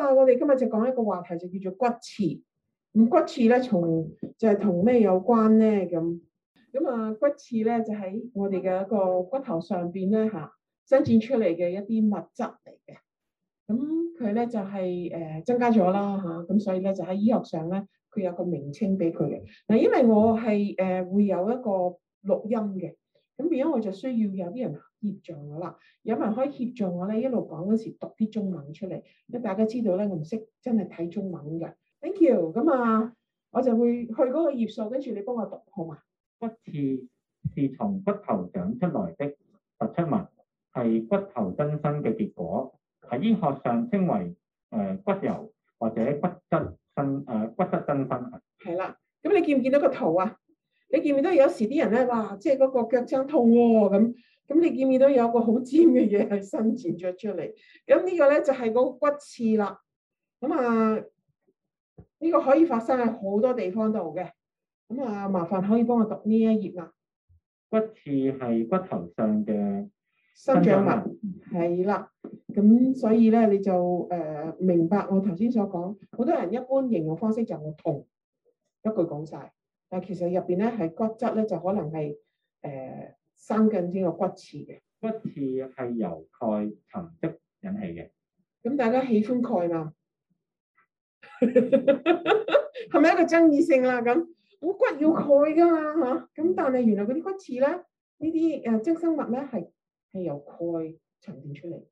啊！我哋今日就講一個話題，就叫做骨刺。咁骨刺咧，從就係同咩有關咧？咁咁啊，骨刺咧就喺我哋嘅一個骨頭上邊咧，吓、啊，伸展出嚟嘅一啲物質嚟嘅。咁佢咧就係、是、誒、呃、增加咗啦，吓、啊、咁所以咧就喺醫學上咧，佢有個名稱俾佢嘅。嗱，因為我係誒、呃、會有一個錄音嘅，咁變咗我就需要有啲人。協助我啦，有人可以協助我咧？一路講嗰時讀啲中文出嚟，因為大家知道咧，我唔識真係睇中文嘅。Thank you，咁啊，我就會去嗰個頁數，跟住你幫我讀，好嗎？骨刺是從骨頭長出來的突出物，係骨頭增生嘅結果，喺醫學上稱為誒骨油或者骨質增誒、啊、骨質增生。係啦，咁你見唔見到個圖啊？你見唔見到有時啲人咧，話，即係嗰個腳踭痛喎、啊、咁。咁你見唔見到有一個好尖嘅嘢係伸展咗出嚟？咁呢個咧就係、是、嗰個骨刺啦。咁啊，呢、這個可以發生喺好多地方度嘅。咁啊，麻煩可以幫我讀呢一頁啦。骨刺係骨頭上嘅生長物，係啦。咁、嗯、所以咧，你就誒、呃、明白我頭先所講。好多人一般形容方式就係痛，一句講晒。」但其實入邊咧係骨質咧就可能係誒。呃生緊啲個骨刺嘅，骨刺係由鈣沉積引起嘅。咁大家喜歡鈣嘛？係 咪一個爭議性啦、啊？咁骨骨要鈣㗎嘛、啊？嚇！咁但係原來嗰啲骨刺咧，呢啲誒增生物咧係係由鈣沉澱出嚟。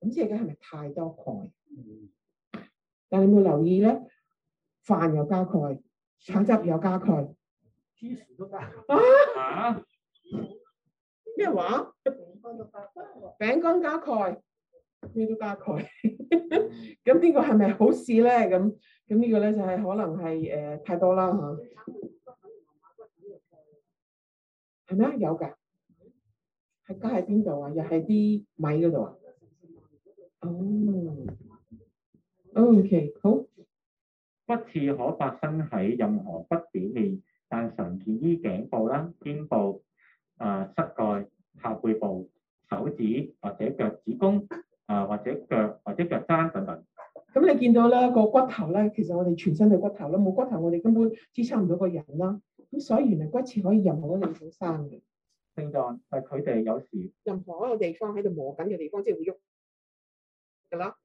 咁即係而家係咪太多鈣？嗯、但係你有冇留意咧？飯又加鈣，橙汁又加鈣，芝士都加啊！ 咩話？餅乾加鈣，咩都加鈣。咁 呢個係咪好事咧？咁咁呢個咧就係可能係誒、呃、太多啦吓。係、啊、咩？ 有噶？係加喺邊度啊？又係啲米嗰度啊？哦。 oh. OK，好。骨刺可發生喺任何骨表面，但常見於頸部啦、肩部。啊，膝蓋、下背部、手指或者腳趾公，啊或者腳或者腳踭等等。咁你見到咧，個骨頭咧，其實我哋全身嘅骨頭咧，冇骨頭我哋根本支撐唔到個人啦。咁所以原來骨刺可以任何一個地方生嘅。正當係佢哋有時任何一個地方喺度磨緊嘅地方，即係會喐嘅咯。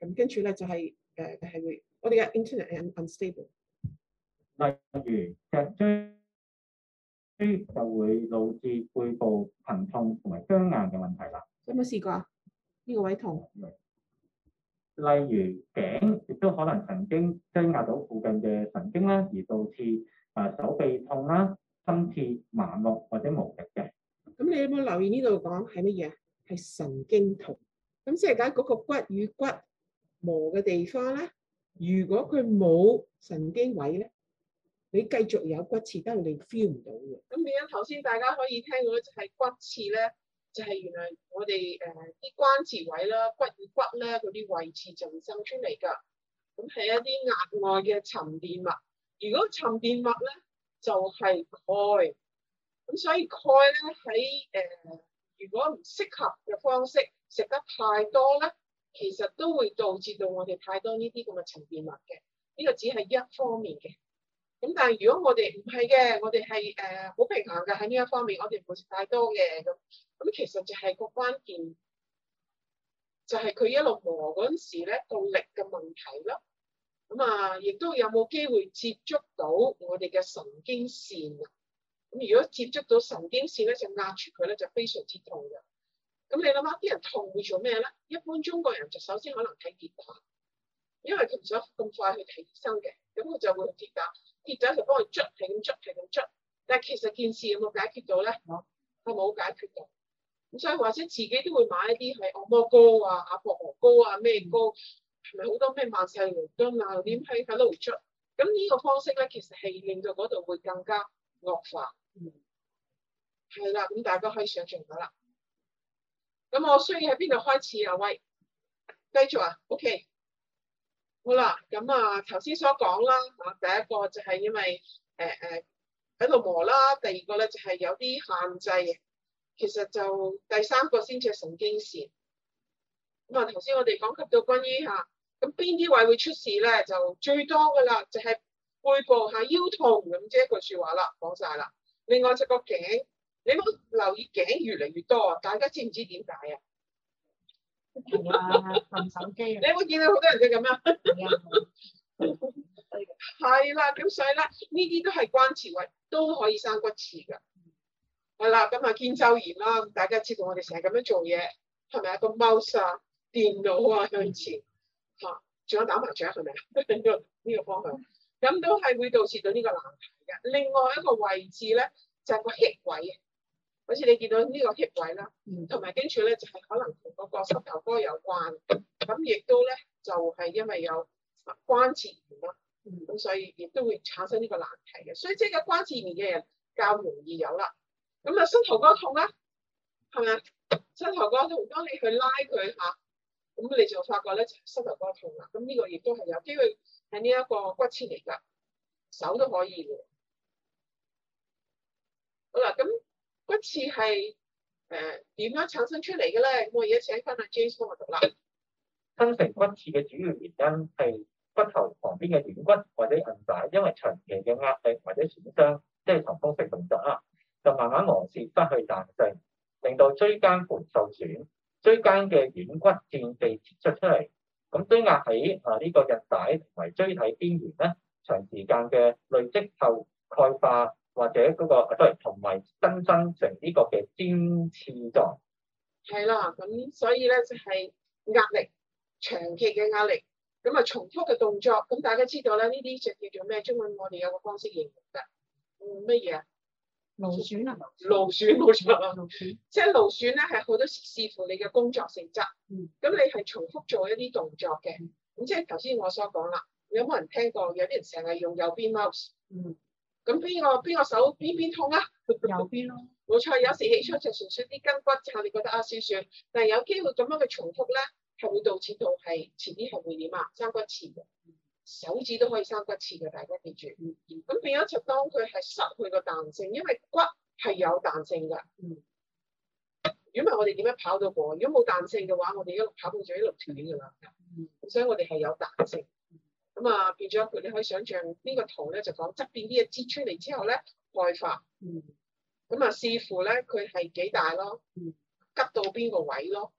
咁跟住咧就係誒係會我哋嘅 Internet unstable。例如，腳掌。就會導致背部疼痛同埋僵硬嘅問題啦。有冇試過啊？呢個位痛。例如頸，亦都可能神經擠壓到附近嘅神經啦，而導致啊手臂痛啦、心切、麻木或者無力嘅。咁你有冇留意呢度講係乜嘢啊？係神經痛。咁即係解嗰個骨與骨磨嘅地方咧，如果佢冇神經位咧。你繼續有骨刺，得你 feel 唔到嘅。咁點解頭先大家可以聽到就係骨刺咧？就係、是、原來我哋誒啲關節位啦，骨與骨咧嗰啲位置就會生出嚟㗎。咁係一啲額外嘅沉澱物。如果沉澱物咧就係、是、鈣。咁所以鈣咧喺誒，如果唔適合嘅方式食得太多咧，其實都會導致到我哋太多呢啲咁嘅沉澱物嘅。呢、這個只係一方面嘅。咁但係如果我哋唔係嘅，我哋係誒好平衡嘅喺呢一方面，我哋唔會食太多嘅咁。咁其實就係個關鍵，就係、是、佢一路磨嗰陣時咧個力嘅問題咯。咁啊，亦都有冇機會接觸到我哋嘅神經線啊？咁如果接觸到神經線咧，就壓住佢咧，就非常之痛嘅。咁你諗下，啲人痛會做咩咧？一般中國人就首先可能睇跌打。因為佢唔想咁快去睇醫生嘅，咁佢就會去跌打，跌打就幫佢捽，係咁捽，係咁捽。但係其實件事有冇解決到咧？係冇解決到㗎？咁所以或者自己都會買一啲係按摩膏啊、阿婆河膏啊、咩膏，係咪好多咩萬世羅根啊？點喺喺度捽？咁呢個方式咧，其實係令到嗰度會更加惡化。嗯，係啦，咁大家可以想像到啦。咁我需要喺邊度開始啊？喂，繼續啊？OK。好啦，咁啊頭先所講啦，啊第一個就係因為誒誒喺度磨啦，第二個咧就係有啲限制，其實就第三個先至係神經線。咁啊頭先我哋講及到關於下，咁邊啲位會出事咧？就最多噶啦，就係背部下腰痛。咁即係一句説話啦，講晒啦。另外隻個頸，你冇留意頸越嚟越多啊？大家知唔知點解啊？係啊，撳手機啊！你有冇見到好多人即係咁樣？係啦，咁所以咧，呢啲都係關節位，都可以生骨刺噶。係 啦，咁啊肩周炎啦，大家知道我哋成日咁樣做嘢，係咪啊個 mouse 啊、電腦啊向前，吓仲有打麻雀係咪呢個呢個方向，咁 的幫都係會導致到呢個難題嘅。另外一個位置咧就係、個膝位啊。好似你見到呢個穴位啦，同埋跟住咧就係、是、可能同嗰個膝頭哥有關，咁亦都咧就係、是、因為有關節炎啦，咁、嗯、所以亦都會產生呢個難題嘅。所以即係個關節炎嘅人較容易有啦。咁啊膝頭哥痛啦，係咪膝頭哥痛，當你去拉佢吓，咁你就發覺咧、就是、膝頭哥痛啦。咁呢個亦都係有機會係呢一個骨刺嚟㗎，手都可以嘅。好啦，咁。骨刺係誒點樣產生出嚟嘅咧？我而家請返阿 Jason 讀啦。生成骨刺嘅主要原因係骨頭旁邊嘅軟骨或者韌帶，因為長期嘅壓力或者損傷，即係從工式動作啊，就慢慢磨蝕失去彈性，令到椎間盤受損，椎間嘅軟骨漸被切出出嚟，咁堆壓喺啊呢個韌帶同埋椎體邊緣咧，長時間嘅累積後，鈣化。或者、嗰個都係同埋增生成呢個嘅尖刺狀。係啦，咁 所以咧就係、係、壓力，長期嘅壓力，咁啊重複嘅動作，咁大家知道咧呢啲就叫做咩？中文我哋有個方式形容噶，嗯，乜嘢啊？勞損啊勞損，冇錯勞損。即係勞損咧，係 好 多視乎你嘅工作性質。咁、嗯、你係重複做一啲動作嘅，咁即係頭先我所講啦。有冇人聽過？有啲人成日用右邊 mouse。嗯。咁邊個邊個手邊邊痛啊？右邊咯、啊，冇錯。有時起初就純粹啲筋骨撐，你覺得啊舒舒。但係有機會咁樣嘅重複咧，係會導致到係遲啲係會點啊生骨刺嘅，手指都可以生骨刺嘅。大家記住。咁變咗就當佢係失去個彈性，因為骨係有彈性㗎、嗯。如果唔係我哋點樣跑到過？如果冇彈性嘅話，我哋一路跑到咗一路斷㗎啦。嗯。所以我哋係有彈性。咁啊，變咗佢，你可以想象呢個圖咧，就講側邊啲嘢支出嚟之後咧，外發。嗯。咁啊，視乎咧佢係幾大咯？嗯。急到邊個位咯？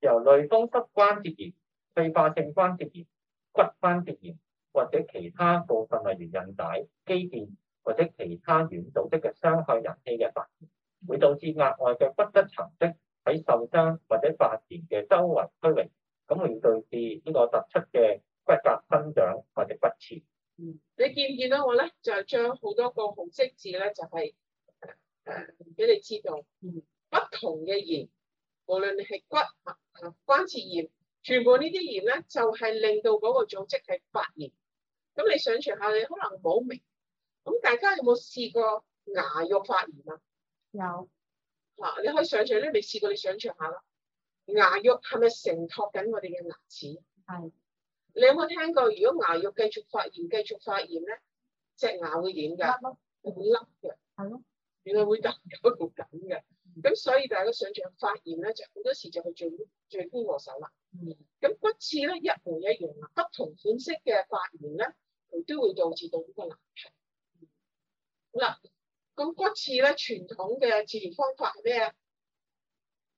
由類風濕關節炎、退化性關節炎、骨關節炎或者其他部分，例如韌帶、肌腱或者其他軟組織嘅傷害引起嘅發炎，會導致額外嘅骨質沉積喺受傷或者發炎嘅周圍區域，咁會導致呢個突出嘅。骨骼增長或者骨刺，嗯，你見唔見到我咧？就係將好多個紅色字咧，就係、是、呃、俾你知道。嗯，不同嘅炎，無論你係骨啊關節炎，全部呢啲炎咧，就係令到嗰個組織係發炎。咁你想象下，你可能冇明。咁大家有冇試過牙肉發炎啊？有。嗱、啊，你可以想象咧，未試過你想象下咯。牙肉係咪承托緊我哋嘅牙齒？係。你有冇聽過？如果牙肉繼續發炎，繼續發炎咧，隻牙會點噶？甩咯，會甩嘅。係咯， 原來會掉嘅。咁所以大家想象發炎咧，就好多時就去做 呢、做呢個手術啦。咁骨刺咧，一模一樣啦，不同款式嘅發炎咧，佢都會導致到呢個難題。嗱，咁 骨刺咧，傳統嘅治療方法係咩啊？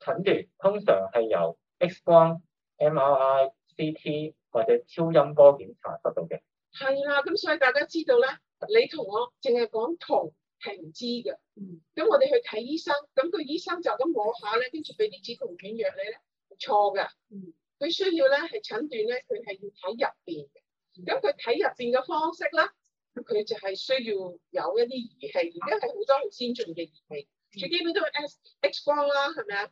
診斷通常係由 X 光、MRI、CT。或者超音波檢查得到嘅。係啦、啊，咁所以大家知道咧，你同我淨係講痛係唔知嘅。咁、嗯、我哋去睇醫生，咁、個醫生就咁摸下咧，跟住俾啲止痛片藥你咧，錯嘅。佢、嗯、需要咧係診斷咧，佢係要睇入邊嘅。咁佢睇入邊嘅方式咧，佢就係需要有一啲儀器，而家係好多好先進嘅儀器，嗯、最基本都係 X X 光啦，係咪啊？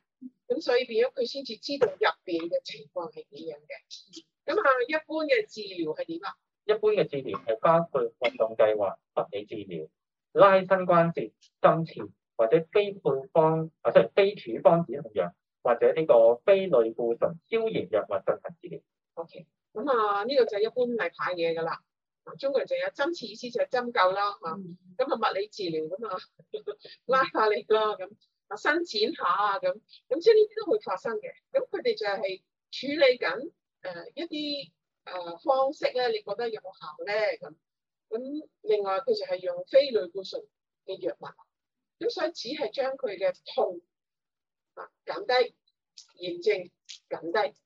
咁、嗯、所以變咗佢先至知道入邊嘅情況係點樣嘅。咁啊，一般嘅治療係點啊？一般嘅治療係包括運動計劃、物理治療、拉伸關節、針刺或者非配方啊，即係非處方止痛藥或者呢個非類固醇消炎藥物進行治療。OK，咁啊，呢個就一般係例牌嘢㗎啦。中國人就有針刺意思就係針灸啦嚇。咁、嗯、啊，物理治療㗎嘛， 拉下你咯咁，伸展下啊咁。咁所以呢啲都會發生嘅。咁佢哋就係處理緊。誒、uh, 一啲誒、uh, 方式咧，你覺得有效咧？咁、嗯、咁，另外佢就係用非類固醇嘅藥物，咁、嗯、所以只係將佢嘅痛啊減低，炎症減低。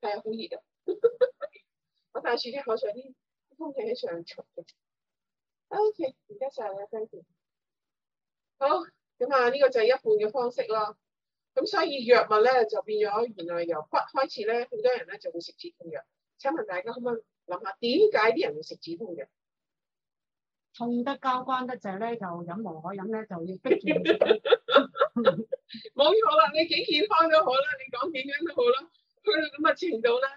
係、嗯、啊，好熱啊！我戴住啲口罩啲空氣喺上。潮嘅。OK，唔該曬啊，嘉怡。好，咁啊，呢個就係一半嘅方式咯。咁所以藥物咧就變咗原來由骨開始咧，好多人咧就會食止痛藥。請問大家可唔可以諗下點解啲人會食止痛藥？痛得交關得滯咧，就飲無可飲咧，就要逼住冇 錯啦，你幾健康都好啦，你講點樣都好啦，去到咁嘅程度咧，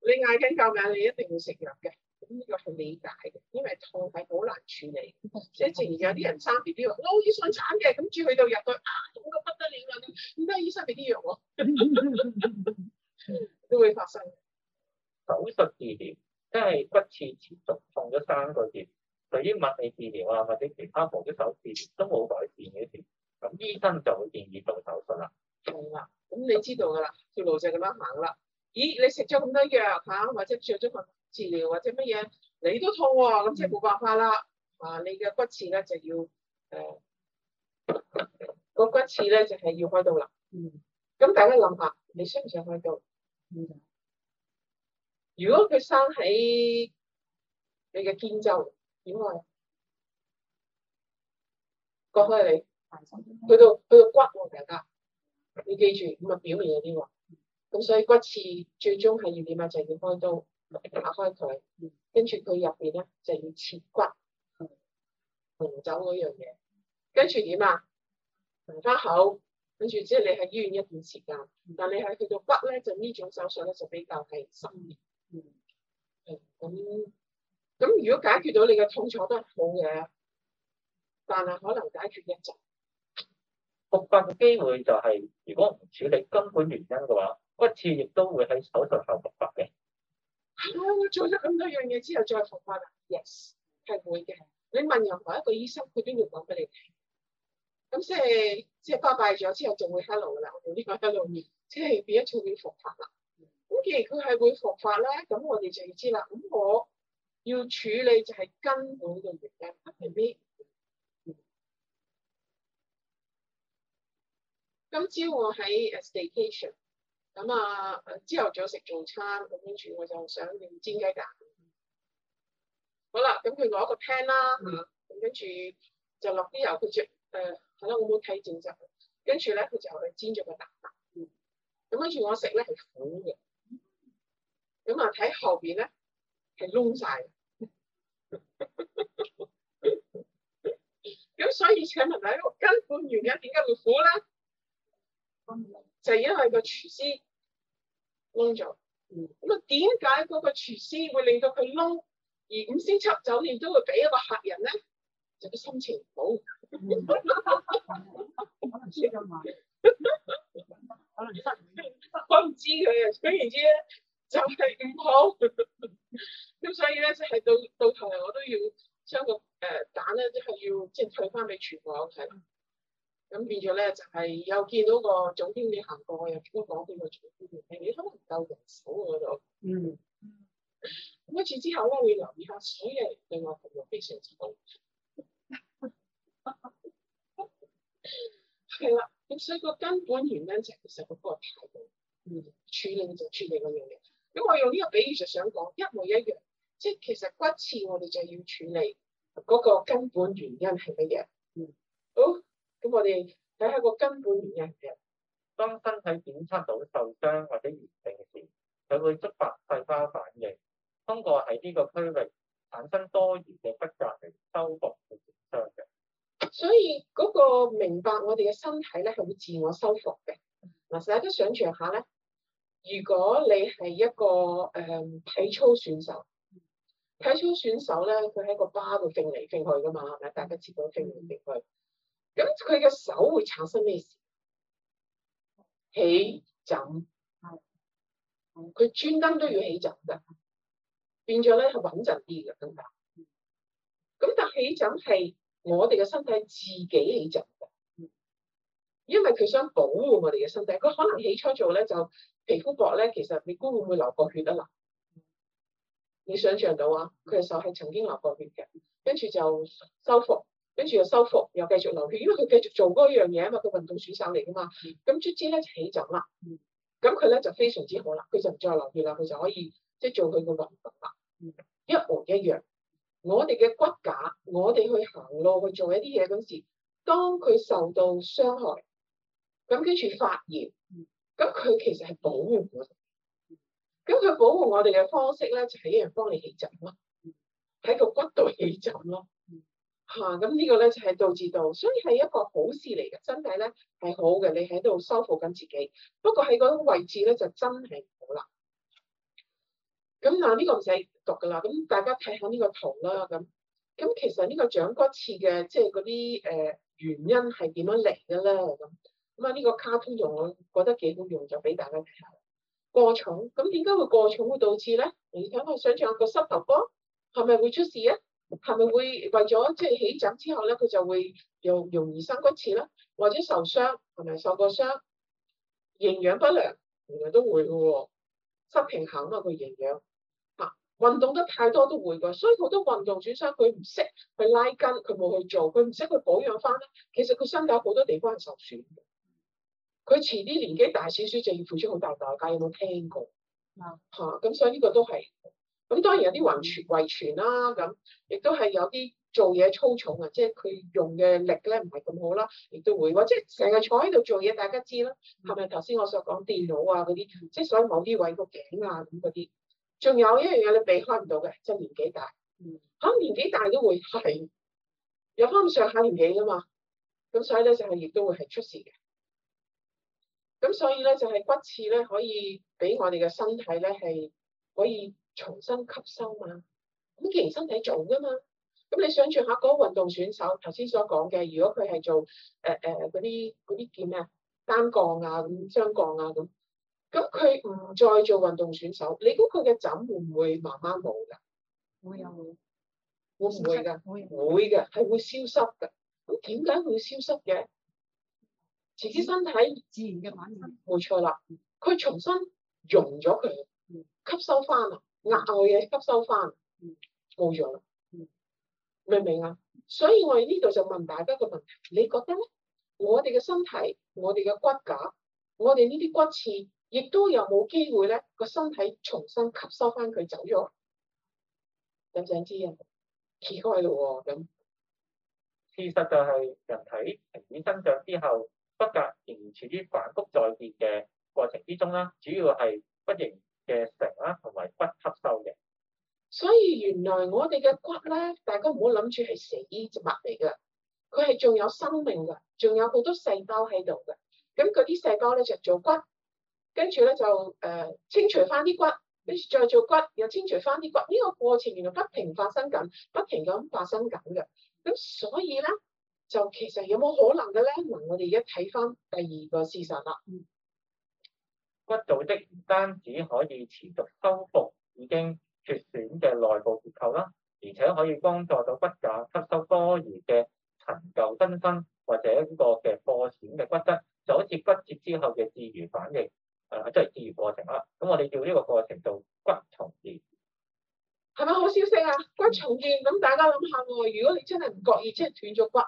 你嗌緊救命，你一定要食藥嘅。呢個係理解嘅，因為痛係好難處理。一直而家啲人生 B B 話我好想產嘅，咁住去到入到啊痛到不得了啦，點解醫生俾啲藥我、啊？ 都會發生。手術治療即係不切持續痛咗三個月，對於物理治療啊或者其他嘅復手治療都冇改善嘅時，咁醫生就會建議做手術啦。咁你知道㗎啦，條路就咁樣行啦。咦，你食咗咁多藥吓、啊，或者做咗個？治療或者乜嘢，你都痛喎、啊，咁即係冇辦法啦。嗱、啊，你嘅骨刺咧就要，誒、呃，個骨刺咧就係、是、要開刀啦。嗯。咁大家諗下，你想唔想要開刀？嗯、如果佢生喺你嘅肩周，點啊？割開你、嗯去，去到去到骨喎、啊，大家。你記住，唔係表面嗰啲喎。咁所以骨刺最終係要點啊？就係、是、要開刀。打開佢，跟住佢入邊咧就要切骨，移走嗰樣嘢，跟住點啊？打針口，跟住即係你喺醫院一段時間，但你喺佢個骨咧就呢種手術咧就比較係深啲。嗯，咁、嗯、咁，嗯、如果解決到你嘅痛楚都好嘅，但係可能解決一陣復發嘅機會就係、是，如果唔處理根本原因嘅話，骨刺亦都會喺手術後復發嘅。我、啊、做咗咁多樣嘢之後再復發啊？Yes，係會嘅。你問任何一個醫生，佢都要講俾你聽。咁即係即係發敗咗之後，就會 hello 噶啦。我哋呢個 hello 度面，即係變咗就會復發啦。咁既然佢係會復發咧，咁我哋就要知啦。咁我要處理就係根本嘅原因。B B，、嗯、今朝我喺 staycation。咁啊，之朝頭早食早餐，咁跟住我就想用煎雞蛋。好啦，咁佢攞一個 pan 啦，咁跟住就落啲油，佢、呃、就誒，係啦，我冇睇正質。跟住咧，佢就去煎咗個蛋白。後後嗯。咁跟住我食咧係苦嘅。咁啊，睇後邊咧係燶晒。咁所以請問啊，根本原因點解會苦咧？嗯、就係因為個廚師。工作。嗯，咁啊，點解嗰個廚師會令到佢嬲，而五星級酒店都會俾一個客人咧，就個心情唔好、嗯，可能私隱啊，可能 我唔知佢啊，總言之咧就係唔好，咁 所以咧就係、係、到到頭嚟我都要將個誒蛋咧即係要即係、就係、退翻俾廚房睇啦。咁變咗咧，就係又見到個總經理行過，又講畀個總經理聽，你可能唔夠人手嗰度。嗯。開始之後咧，會留意下所有另外服務非常之多。係啦， 咁所以個根本原因就係其實嗰個態度。嗯。處理就處理嗰樣嘢。咁我用呢個比喻就想講一模一樣，即係其實骨刺我哋就要處理嗰個根本原因係乜嘢？嗯。好。咁我哋睇下個根本原因嘅，當身體檢測到受傷或者炎症時，佢會觸發細胞反應，通過喺呢個區域產生多餘嘅骨骼嚟修復嘅損傷嘅。所以嗰個明白我哋嘅身體咧係會自我修復嘅。嗱，大家想象下咧，如果你係一個誒、呃、體操選手，體操選手咧，佢喺個巴度飛嚟飛去㗎嘛，係咪？大家切到飛嚟飛去。咁佢嘅手會產生咩事？起枕，佢專登都要起枕嘅，變咗咧係穩陣啲嘅，咁啊。咁但起枕係我哋嘅身體自己起枕嘅，因為佢想保護我哋嘅身體。佢可能起初做咧就皮膚薄咧，其實你估會唔會流過血得啦，你想象到啊？佢嘅手係曾經流過血嘅，跟住就修復。跟住又收腹，又繼續流血，因為佢繼續做嗰樣嘢啊嘛，佢運動選手嚟噶嘛。咁卒之咧就起腫啦，咁佢咧就非常之好啦，佢就唔再流血啦，佢就可以即係做佢嘅運動啦。嗯、一模一樣，我哋嘅骨架，我哋去行路去做一啲嘢嗰時，當佢受到傷害，咁跟住發炎，咁佢、嗯、其實係保護我哋。咁佢保護我哋嘅方式咧就係、是、一樣幫你起腫咯，喺個骨度起腫咯。嚇！咁呢、啊、個咧就係導致到，所以係一個好事嚟嘅，真係咧係好嘅，你喺度修復緊自己。不過喺嗰個位置咧就真係好啦。咁嗱，呢個唔使讀噶啦。咁大家睇下呢個圖啦。咁咁其實呢個掌骨刺嘅，即係嗰啲誒原因係點樣嚟噶啦？咁咁啊，呢個卡通用我覺得幾好用，就俾大家睇下。過重咁點解會過重會導致咧？你睇我想象下個膝頭哥係咪會出事啊？係咪會為咗即係起疹之後咧，佢就會又容易生骨刺咧？或者受傷，係咪受過傷？營養不良原來都會噶喎，哦，失平衡啊佢個營養吓運、啊、動得太多都會噶，所以好多運動損傷佢唔識去拉筋，佢冇去做，佢唔識去保養翻咧，其實佢身體好多地方係受損嘅。佢遲啲年紀大少少就要付出好大代價，大家有冇聽過？吓，啊、咁，所以呢個都係。咁當然有啲遺傳遺傳啦、啊，咁亦都係有啲做嘢粗重嘅、啊，即係佢用嘅力咧唔係咁好啦，亦都會，即係成日坐喺度做嘢，大家知啦，係咪頭先我所講電腦啊嗰啲，即係所以某啲位個頸啊咁嗰啲，仲有一樣嘢你避開唔到嘅，即係年紀大，可能年紀大都會係有啲咁上下年紀噶嘛，咁所以咧就係亦都會係出事嘅，咁所以咧就係骨刺咧可以俾我哋嘅身體咧係可以。重新吸收嘛，咁既然身體做㗎嘛，咁你想象下嗰個運動選手頭先所講嘅，如果佢係做誒誒嗰啲啲叫咩啊，單槓啊咁雙槓啊咁，咁佢唔再做運動選手，你估佢嘅枕會唔會慢慢冇㗎？會有，唔、嗯、會唔會㗎，會嘅，係會，會消失㗎。咁點解會消失嘅？遲啲身體自然嘅反應。冇錯啦，佢重新融咗佢，吸收翻啦！額外嘢，吸收翻，冇咗，嗯，明唔明啊？所以我喺呢度就問大家個問題，你覺得咧？我哋嘅身體，我哋嘅骨架，我哋呢啲骨刺，亦都有冇機會咧個身體重新吸收翻佢走咗？有想知啊？奇怪喎咁。事實就係人體停止增長之後，骨骼仍然處於反復再建嘅過程之中啦，主要係骨形。嘅成啦，同埋骨吸收嘅。所以原來我哋嘅骨咧，大家唔好諗住係死植物嚟嘅，佢係仲有生命嘅，仲有好多細胞喺度嘅。咁嗰啲細胞咧就做骨，跟住咧就誒、呃、清除翻啲骨，跟住再做骨又清除翻啲骨。呢、這個過程原來不停發生緊，不停咁發生緊嘅。咁所以咧就其實有冇可能嘅咧？嗱，我哋而家睇翻第二個事實啦。骨組織唔單止可以持續修復已經缺損嘅內部結構啦，而且可以幫助到骨架吸收多餘嘅陳舊增生或者呢個嘅破損嘅骨質，就好似骨折之後嘅治癒反應，誒即係治癒過程啦。咁我哋叫呢個過程做骨重建。係咪好消息啊？骨重建，咁大家諗下喎，如果你真係唔覺意即係斷咗骨，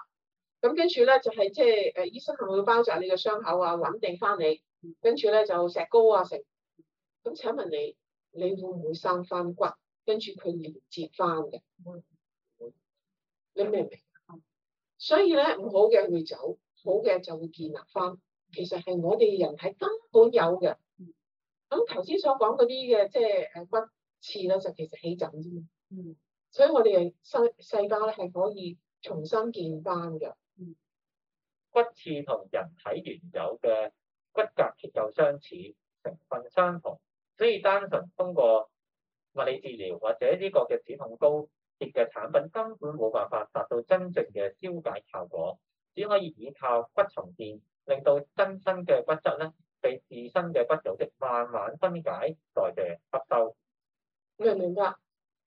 咁跟住咧就係即係誒醫生會唔會包紮你個傷口啊，穩定翻你？跟住咧就石膏啊，成，咁請問你，你會唔會生翻骨？跟住佢要接翻嘅。嗯、你明唔明？嗯、所以咧唔好嘅會走，好嘅就會建立翻。其實係我哋人體根本有嘅。咁頭先所講嗰啲嘅，即係誒骨刺咧，就其實起疹啫嘛。嗯，所以我哋嘅生細胞咧係可以重新建翻嘅。嗯、骨刺同人體原有嘅。骨骼結構相似，成分相同，所以單純通過物理治療或者呢個嘅止痛膏貼嘅產品根本冇辦法達到真正嘅消解效果，只可以依靠骨重建，令到真身嘅骨質咧被自身嘅骨組織慢慢分解、代謝、吸收。明唔明白？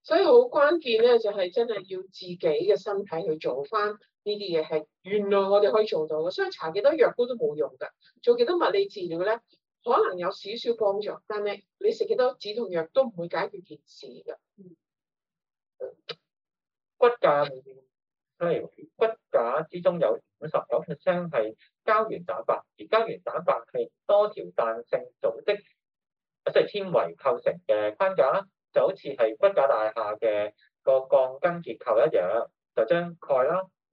所以好關鍵咧，就係真係要自己嘅身體去做翻。呢啲嘢係原來我哋可以做到嘅，所以搽幾多藥膏都冇用㗎。做幾多物理治療咧，可能有少少幫助，但係你食幾多止痛藥都唔會解決件事㗎、嗯。骨架係、哎、骨架之中有五十九 percent 係膠原蛋白，而膠原蛋白係多條彈性組織，即係纖維構成嘅框架，就好似係骨架大廈嘅個鋼筋結構一樣，就將鈣啦，鎂等嘅單一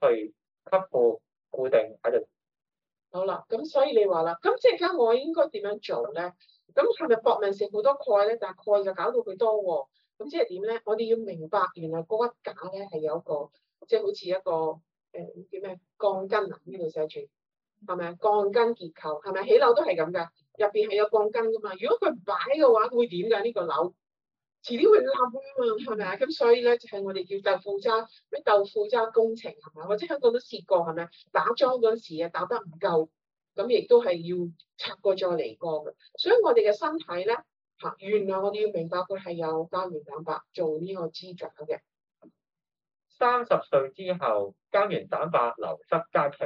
去吸附固定喺度。好啦，咁所以你話啦，咁即係而家我應該點樣做咧？咁係咪搏命食好多鈣咧？但係鈣又搞到佢多喎。咁即係點咧？我哋要明白，原來嗰一間咧係有一個即係、就是、好似一個誒、呃、叫咩鋼筋啊，呢度寫住係咪啊？鋼筋結構係咪起樓都係咁㗎？入邊係有鋼筋㗎嘛。如果佢唔擺嘅話，這個、佢會點㗎？呢個樓？遲啲會爛啊嘛，係咪啊？咁所以咧就係、是、我哋叫豆腐渣，咩豆腐渣工程係咪？或者香港都試過係咪？打樁嗰時啊打得唔夠，咁亦都係要拆過再嚟過嘅。所以我哋嘅身體咧嚇，原來我哋要明白佢係有膠原蛋白做呢個支架嘅。三十歲之後，膠原蛋白流失加劇，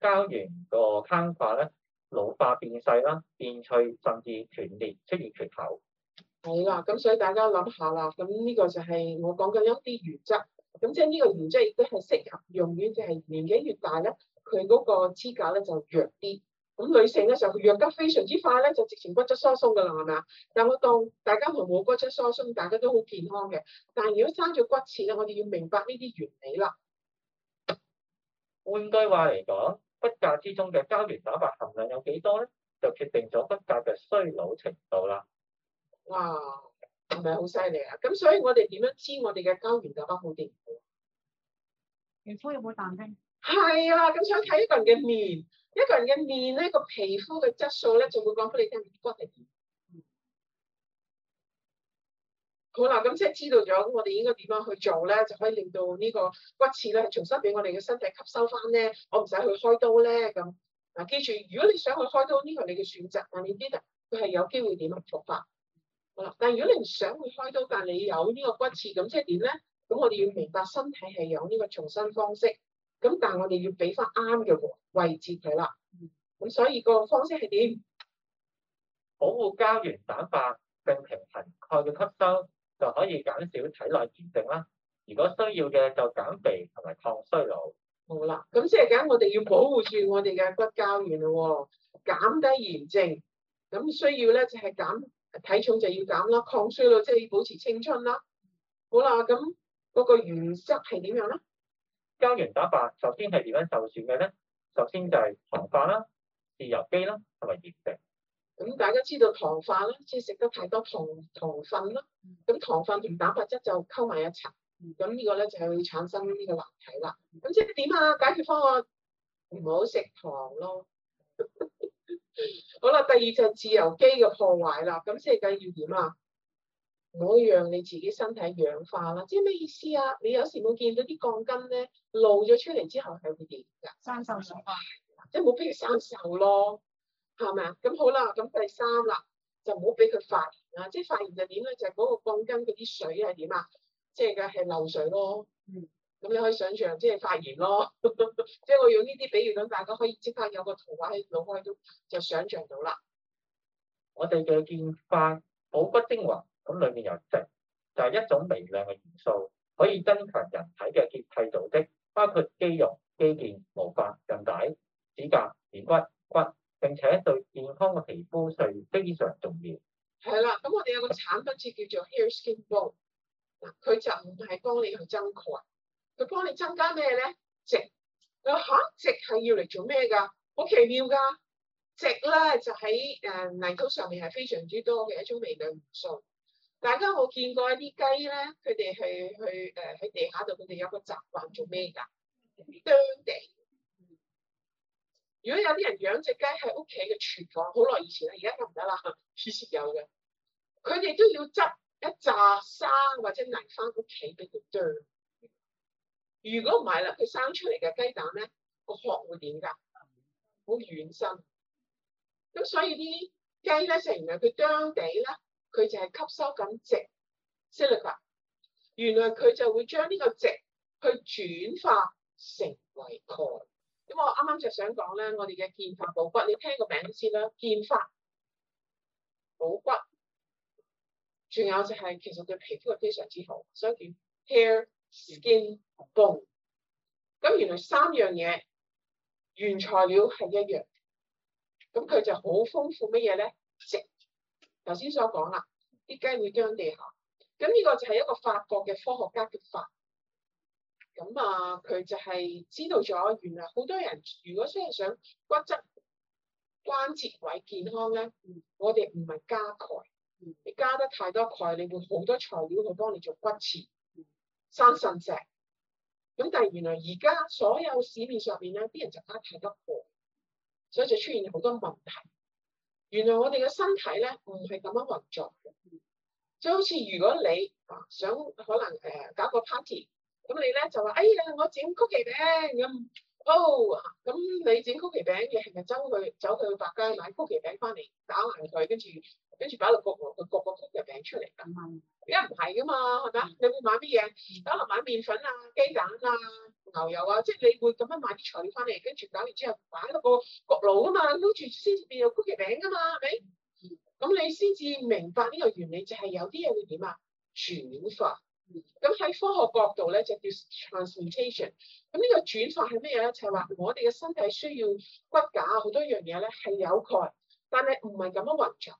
膠原個攤化咧老化變細啦，變脆甚至斷裂出現缺口。係啦，咁所以大家諗下啦，咁呢個就係我講緊一啲原則。咁即係呢個原則亦都係適合用於，就係年紀越大咧，佢嗰個支架咧就弱啲。咁女性咧就佢弱得非常之快咧，就直情骨質疏鬆㗎喇，係咪啊？但我當大家同我骨質疏鬆，大家都好健康嘅。但係如果生咗骨刺咧，我哋要明白呢啲原理啦。換句話嚟講，骨架之中嘅膠原蛋白含量有幾多咧，就決定咗骨架嘅衰老程度啦。哇，係咪好犀利啊？咁所以，我哋點樣知我哋嘅膠原蛋白好啲唔好啊？皮膚有冇彈呢？係啊，咁想睇一個人嘅面，一個人嘅面咧，個皮膚嘅質素咧，就會講俾你聽，骨係點。嗯、好啦，咁即係知道咗，我哋應該點樣去做咧，就可以令到呢個骨刺咧，重新俾我哋嘅身體吸收翻咧？我唔使去開刀咧？咁嗱，記住，如果你想去開刀呢，係、這個、你嘅選擇，但你呢得，佢係有機會點復發。好啦，但係如果你唔想會開刀，但係你有呢個骨刺，咁即係點咧？咁我哋要明白身體係有呢個重新方式，咁但係我哋要俾翻啱嘅位置佢啦。咁所以個方式係點？保護膠原蛋白並平衡鈣嘅吸收，就可以減少體內炎症啦。如果需要嘅就減肥同埋抗衰老。好啦，咁即係講我哋要保護住我哋嘅骨膠原喎，減低炎症。咁需要咧就係、是、減。體重就要減啦，抗衰老即係要保持青春啦。好啦，咁嗰個原則係點樣咧？膠原蛋白首先係點樣受損嘅咧？首先就係糖化啦、自由基啦同埋熱食。咁大家知道糖化咧，即係食得太多糖糖分啦。咁糖分同蛋白質就溝埋一層齊，咁呢個咧就係會產生個呢個難題啦。咁即係點啊？解決方案唔好食糖咯。 好啦，第二就係自由基嘅破壞啦，咁即係要點啊？唔好讓你自己身體氧化啦，即係咩意思啊？你有時冇見到啲鋼筋咧，露咗出嚟之後係會點噶？生鏽啊，即係冇俾佢生鏽咯，係咪啊？咁好啦，咁第三啦，就唔好俾佢發炎啦，即係發炎就點咧？就係嗰個鋼筋嗰啲水係點啊？即係嘅係漏水咯，嗯。咁你可以想象即係發言咯，即 係我用呢啲比喻，等大家可以即刻有個圖畫喺腦海中就想像到啦。我哋嘅見快補骨精華，咁裏面有矽，就係、是、一種微量嘅元素，可以增強人體嘅結締組織，包括肌肉、肌腱、毛髮、韌帶、指甲、軟骨、骨，並且對健康嘅皮膚細胞非常重要。係啦，咁我哋有個產品叫叫做 Hair Skin Bone，佢就唔係幫你去增強。佢幫你增加咩咧？矽，你話吓矽係要嚟做咩㗎？好奇妙㗎！矽咧就喺誒泥土上面係非常之多嘅一種微量元素。大家有冇見過一啲雞咧？佢哋去去誒喺、呃、地下度，佢哋有個習慣做咩㗎？啄地。如果有啲人養隻雞喺屋企嘅廚房，好耐以前啦，而家都唔得啦。以前有嘅，佢哋都要執一紮沙，或者泥返屋企俾佢啄。如果唔係啦，佢生出嚟嘅雞蛋咧，個殼會點㗎？好軟身，咁所以啲雞咧，成日佢啄地咧，佢就係吸收緊 silica。原來佢就，就會將呢個值去轉化成為鈣。咁我啱啱就想講咧，我哋嘅健髮補骨，你聽個名先啦，健髮補骨，仲有就係、是、其實對皮膚係非常之好，所以叫 hair。見泵，咁、啊、原來三樣嘢原材料係一樣，咁佢就好豐富乜嘢咧？食。頭先所講啦，啲雞會跌喺地下，咁呢個就係一個法國嘅科學家嘅法，咁啊佢就係知道咗，原來好多人如果真係想骨質關節位健康咧，我哋唔係加鈣，你加得太多鈣，你會好多材料去幫你做骨刺。三信石，咁但係原來而家所有市面上面有啲人就得太得過，所以就出現好多問題。原來我哋嘅身體咧唔係咁樣運作嘅，即係、嗯、好似如果你啊想可能誒、呃、搞個 party，咁你咧就話哎呀我整曲奇餅咁、嗯，哦咁你整曲奇餅嘅係咪走，走去走去百佳買曲奇餅翻嚟搞爛佢，跟住跟住擺到個個個曲奇餅出嚟咁、嗯因為唔係噶嘛，係咪、嗯、你會買乜嘢？可能買麵粉啊、雞蛋啊、牛油啊，即係你會咁樣買啲材料翻嚟，跟住搞完之後擺喺個焗爐啊嘛，跟住先至變曲奇餅噶嘛，係咪？咁、嗯、你先至明白呢個原理就係有啲嘢會點啊？轉化。咁喺、嗯、科學角度咧就叫 transmutation。咁呢個轉化係咩咧？就係、是、話我哋嘅身體需要骨架好多樣嘢咧係有鈣，但係唔係咁樣運作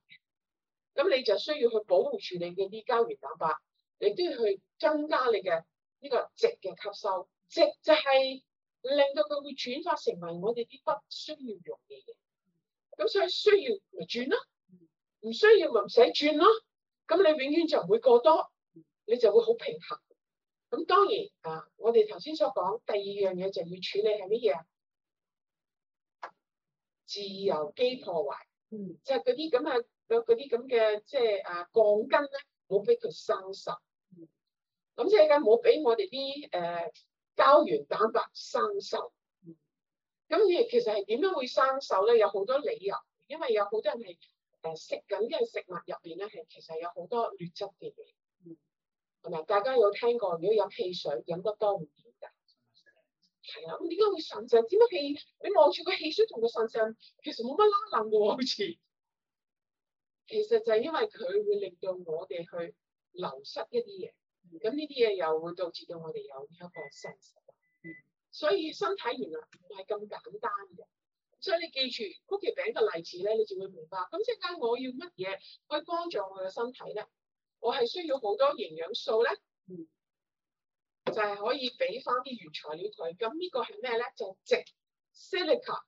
咁你就需要去保護住你嘅啲膠原蛋白，你都要去增加你嘅呢個直嘅吸收，即就係令到佢會轉化成為我哋啲不需要用嘅嘢，咁所以需要咪轉咯，唔需要咪唔使轉咯，咁你永遠就唔會過多，你就會好平衡。咁當然啊，我哋頭先所講第二樣嘢就要處理係乜嘢啊？自由基破壞，嗯，就係嗰啲咁嘅。有嗰啲咁嘅即係啊，鋼筋咧冇俾佢生鏽，咁、嗯、即係冇俾我哋啲誒膠原蛋白生鏽。咁你、嗯、其實係點樣會生鏽咧？有好多理由，因為有好多人係誒食緊嘅食物入邊咧，係其實有好多劣質嘅嘢。同埋、嗯、大家有聽過，如果飲汽水飲得多便便便便、嗯、會點㗎？係啦，咁點解會腎上？點解氣？你望住個汽水同佢腎上其實冇乜拉攔嘅喎，好似。其實就係因為佢會令到我哋去流失一啲嘢，咁呢啲嘢又會導致到我哋有呢一個傷勢、嗯。所以身體原來唔係咁簡單嘅，所以你記住曲奇餅嘅例子咧，你就會明白。咁即係我要乜嘢去幫助我嘅身體咧？我係需要好多營養素咧、嗯，就係、是、可以俾翻啲原材料佢。咁呢個係咩咧？就係、是、silica。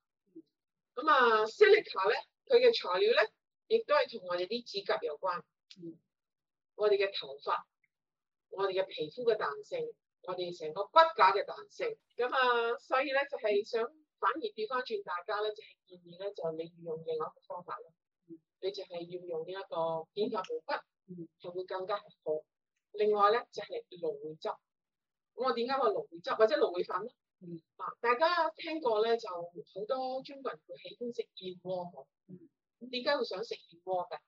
咁、嗯、啊，silica 咧，佢嘅材料咧。亦都係同我哋啲指甲有關，我哋嘅頭髮，我哋嘅皮膚嘅彈性，我哋成個骨架嘅彈性，咁啊，所以咧就係想反而調翻轉大家咧，就係建議咧就你要用另外一個方法咯，你就係要用呢一個堅骨毛骨，就係會更加好。另外咧就係蘆薈汁，咁我點解話蘆薈汁或者蘆薈粉咧？嗯，大家聽過咧就好多中國人會喜歡食燕窩。點解會想食燕窩嘅？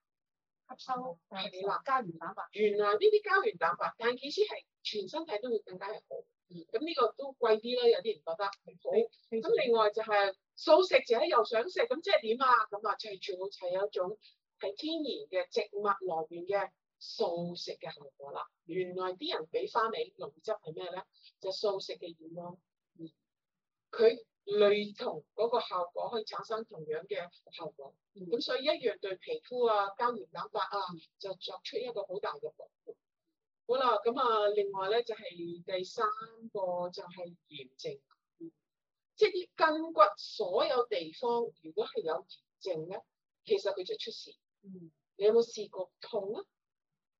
吸收你加膠原蛋白，原來呢啲膠原蛋白，但其實係全身體都會更加好。咁呢個都貴啲啦，有啲人覺得好。咁另外就係、是、素食者又想食，咁即係點啊？咁啊，就係全部係有一種係天然嘅植物來源嘅素食嘅效果啦。原來啲人俾翻你濃汁係咩咧？就是、素食嘅燕窩，佢、嗯。類同嗰個效果可以產生同樣嘅效果，咁、mm hmm. 所以一樣對皮膚啊、膠原蛋白啊，就作出一個大、mm hmm. 好大嘅保護。好啦。咁啊，另外咧就係、是、第三個就係炎症，即係啲筋骨所有地方如果係有炎症咧，其實佢就出事。嗯、mm，hmm. 你有冇試過痛咧？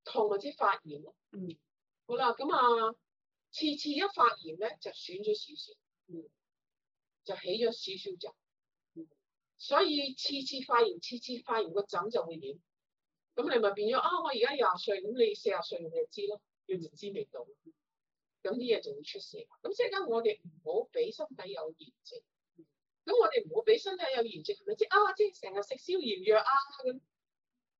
痛或者發炎咧？嗯、mm，hmm. 好啦，咁啊，次次一發炎咧就損咗少少。嗯、mm。Mm 就起咗少少疹，所以次次發炎，次次發炎，次發炎、個疹就會點？咁你咪變咗啊！我而家廿歲，咁你四十歲你就知咯，要唔知未到？咁啲嘢就會出事。咁即係我哋唔好俾身體有炎症。咁我哋唔好俾身體有炎症，係咪先？啊，即係成日食消炎藥啊咁，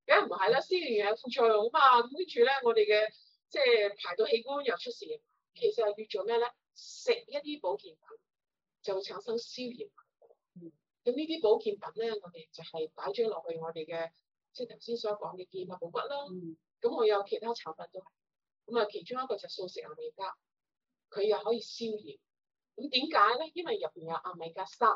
梗係唔係啦？消炎藥有副作用啊嘛。跟住咧，我哋嘅即係排毒器官又出事。其實係叫做咩咧？食一啲保健品。就會產生消炎。咁呢啲保健品咧，我哋就係擺咗落去我哋嘅，即係頭先所講嘅健物補骨咯。咁、嗯、我有其他產品都係。咁啊，其中一個就素食阿米加，佢又可以消炎。咁點解咧？因為入邊有阿米加三，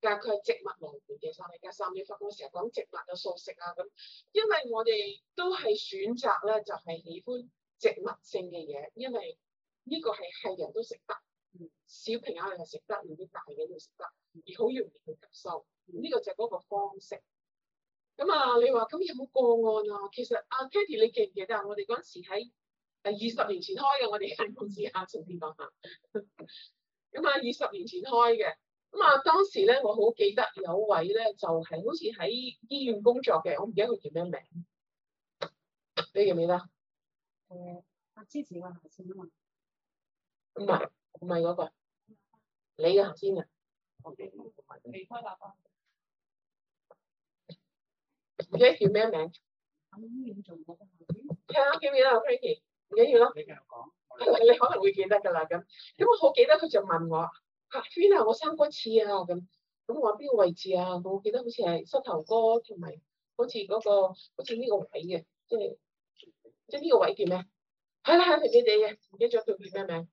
但係佢係植物來源嘅阿米加三。你發覺成日講植物啊素食啊咁，因為我哋都係選擇咧，就係、是、喜歡植物性嘅嘢，因為呢個係係人都食得。嗯、小平啊，又食得，啲大嘅又食得，而好容易去吸收。呢、嗯這個就嗰個方式。咁、嗯、啊，你話咁有冇個案啊？其實阿 Candy 你記唔記得啊？我哋嗰時喺誒二十年前開嘅，我哋喺公司阿陳建啊。咁、 嗯、啊，二十年前開嘅。咁、嗯、啊，當時咧，我好記得有位咧，就係、是、好似喺醫院工作嘅，我唔記得佢叫咩名。你記唔記得？誒、嗯，阿支持話下線啊嘛。唔係。唔係嗰個，你嘅頭先啊。你開喇啊。唔記得叫咩名？睇下邊邊啊，Frankie，唔緊要咯。你繼續講。你你可能會記得噶啦，咁咁我好記得佢就問我啊，阿 Prayy 啊，我生過次啊，咁咁我話邊個位置啊？我記得好似係膝頭哥同埋，好似嗰個好似呢個位嘅，即係即係呢個位叫咩？係啦係平平哋嘅，唔記得咗佢叫咩名。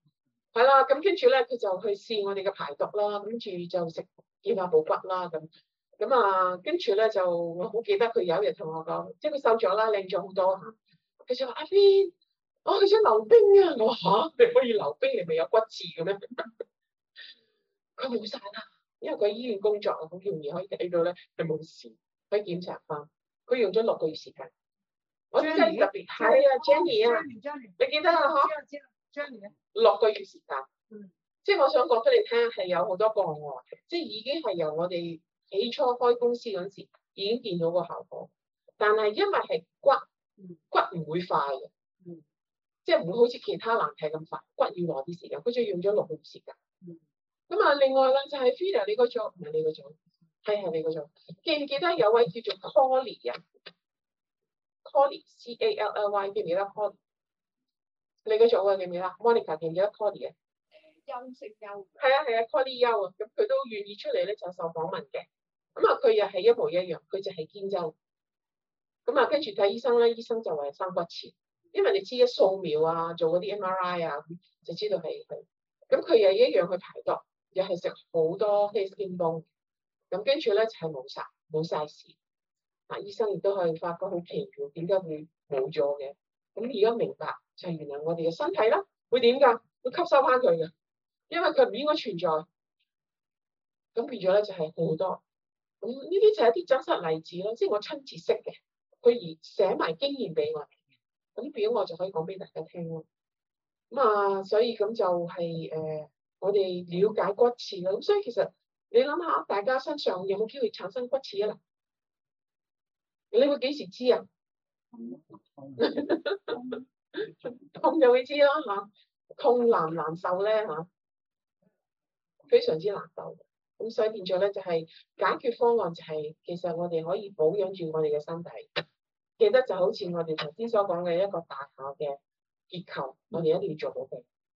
係啦，咁跟住咧，佢、 嗯、就去試我哋嘅排毒啦，跟住就食健下補骨啦咁。咁、嗯、啊，跟住咧就我好記得佢有一日同我講，即係佢瘦咗啦，靚咗好多。佢就話：阿邊，我好想溜冰啊。我嚇，你可以溜冰，你咪有骨刺咁樣？佢冇晒啦，因為佢喺醫院工作，好容易可以睇到咧佢冇事，可以檢查翻。佢用咗六個月時間。我真係特別睇啊，Jenny 啊，你記得啊嚇？六個月時間，嗯，即係我想講俾你聽，係有好多個案，即係已經係由我哋起初開公司嗰陣時已經見到個效果，但係因為係骨，嗯、骨唔會快嘅，嗯、即係唔會好似其他難題咁快，骨要耐啲時間，佢就用咗六個月時間，咁啊、嗯，另外咧就係、是、Vida 你個組唔係你個組，係係你個組，記唔記得有位叫做 Cally 啊，Cally C, ally? C, ally, C A L L Y 記唔記得 Cally？你繼續啊，記唔記得？Monica 記唔記得 Cody 嘅？誒陰性優。係啊係啊，Cody 優啊，咁佢、啊、都願意出嚟咧就受訪問嘅。咁啊，佢又係一模一樣，佢就係肩周。咁啊，跟住睇醫生咧，醫生就話係生骨刺，因為你知一掃描啊，做嗰啲 M R I 啊，就知道係佢。咁佢又一樣去排毒，又係食好多 h e s t i n，咁跟住咧就係冇晒，冇晒事。啊，醫生亦都可以發覺好奇妙，點解會冇咗嘅？咁而家明白。就係原來我哋嘅身體啦，會點噶？會吸收翻佢嘅，因為佢唔應該存在。咁變咗咧就係好多。咁呢啲就係一啲真實例子咯，即係我親自識嘅，佢而寫埋經驗俾我哋。咁表我就可以講俾大家聽咯。咁啊，所以咁就係、是、誒、呃，我哋了解骨刺啦。咁所以其實你諗下，大家身上有冇機會產生骨刺啊？你會幾時知啊？ 痛就會知啦吓，啊，痛難難受咧吓，非常之難受。咁所以變咗咧就係、是、解決方案就係、是，其實我哋可以保養住我哋嘅身體，記得就好似我哋頭先所講嘅一個大廈嘅結構，我哋一定要做好嘅。